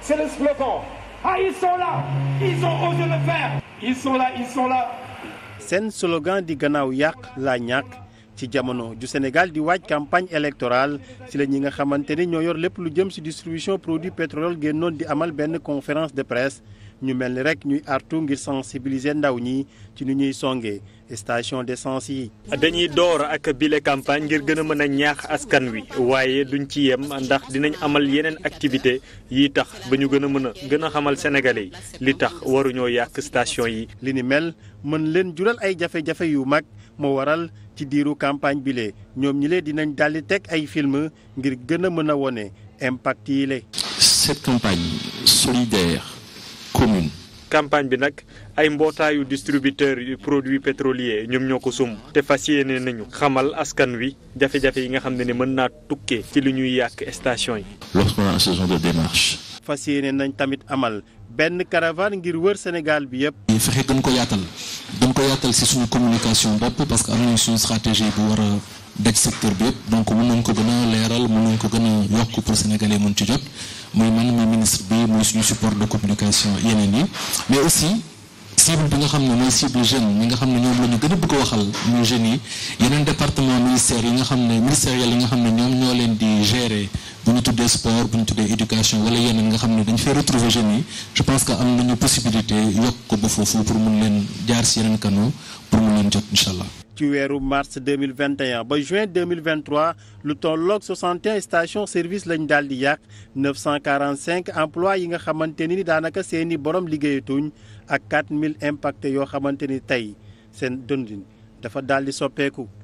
c'est le slogan. Ah, ils sont là, ils ont le faire. Ils sont là, ils seen slogan di gannaaw yàq laa ñàkk ci jamono ju Sénégal di waaj campagne électorale ci la ñi nga xamante ni ñoo yor lépp lu jëm ci distribution produit pétrole génnoon di amal benn conférence de presse ñu mel ni rek ñuy artu ngir sensibiliser ndaw ñi ci nu ñuy songee station d'essence yi. dañuy door ak bile campagne ngir gën a mën a ñaax askan wi waaye duñ ci yem ndax dinañ amal yeneen activité yi tax ba ñu gën a mën a gën a xamal sénégalais yi li tax waruñoo yàq station yi. li ni mel mën leen jural ay jafe yu mag. moo waral ci diiru campagne bi le ñoom ñi lee dinañ daldi teg ay film ngir gën a mën a wone impact yi le cette campagne solidaire commune campagne bi nag ay mbootaayu distributeur yu produits pétroliers ñoom ñoo ko sumb te fas yéene nañu xamal askan wi jafe-jafe yi nga xam ne ni mën naa tukkee ci li ñuy yàq station yi. lorsqu'on a ce de démarche. fas yéene nañ tamit amal benn caravane ngir wër Sénégal bi yëpp. fexe gën ko yaatal. dañ ko yaatal si suñu communication bopp parce que am nañ suñu stratégie bu war a daj secteur bi yëpp donc mën nañ ko gën a leeral mën nañ ko gën yokk pour sénégalais mën ci jot muy man muy ministre bi muy suñu support de communication yeneen yi mais aussi cible bi nga xam ne mooy cible jeune nga xam ne ñoom la ñu gën a bëgg waxal muy jeunes yi yeneen département ministère yi nga xam ne ministériel nga xam ne ñoom ñoo leen di gérer bu ñu tuddee sport bu ñu tuddee éducation wala yeneen nga xam ne dañ fee retrouver jeunes yi je pense que am nañu possibilité yokk ko ba foofu pour mun leen jaar si yeneen canaux pour mun leen jot incha allah. ci weeru mars 2021 ba juin 2023 lu tolloog 61 station service lañ daal di yàq 945 emplois yi nga xamante ni daanaka seeni borom liggéeyatuñ ak mille impacte yoo xamante ni tey seen dundin dafa daal di soppeeku.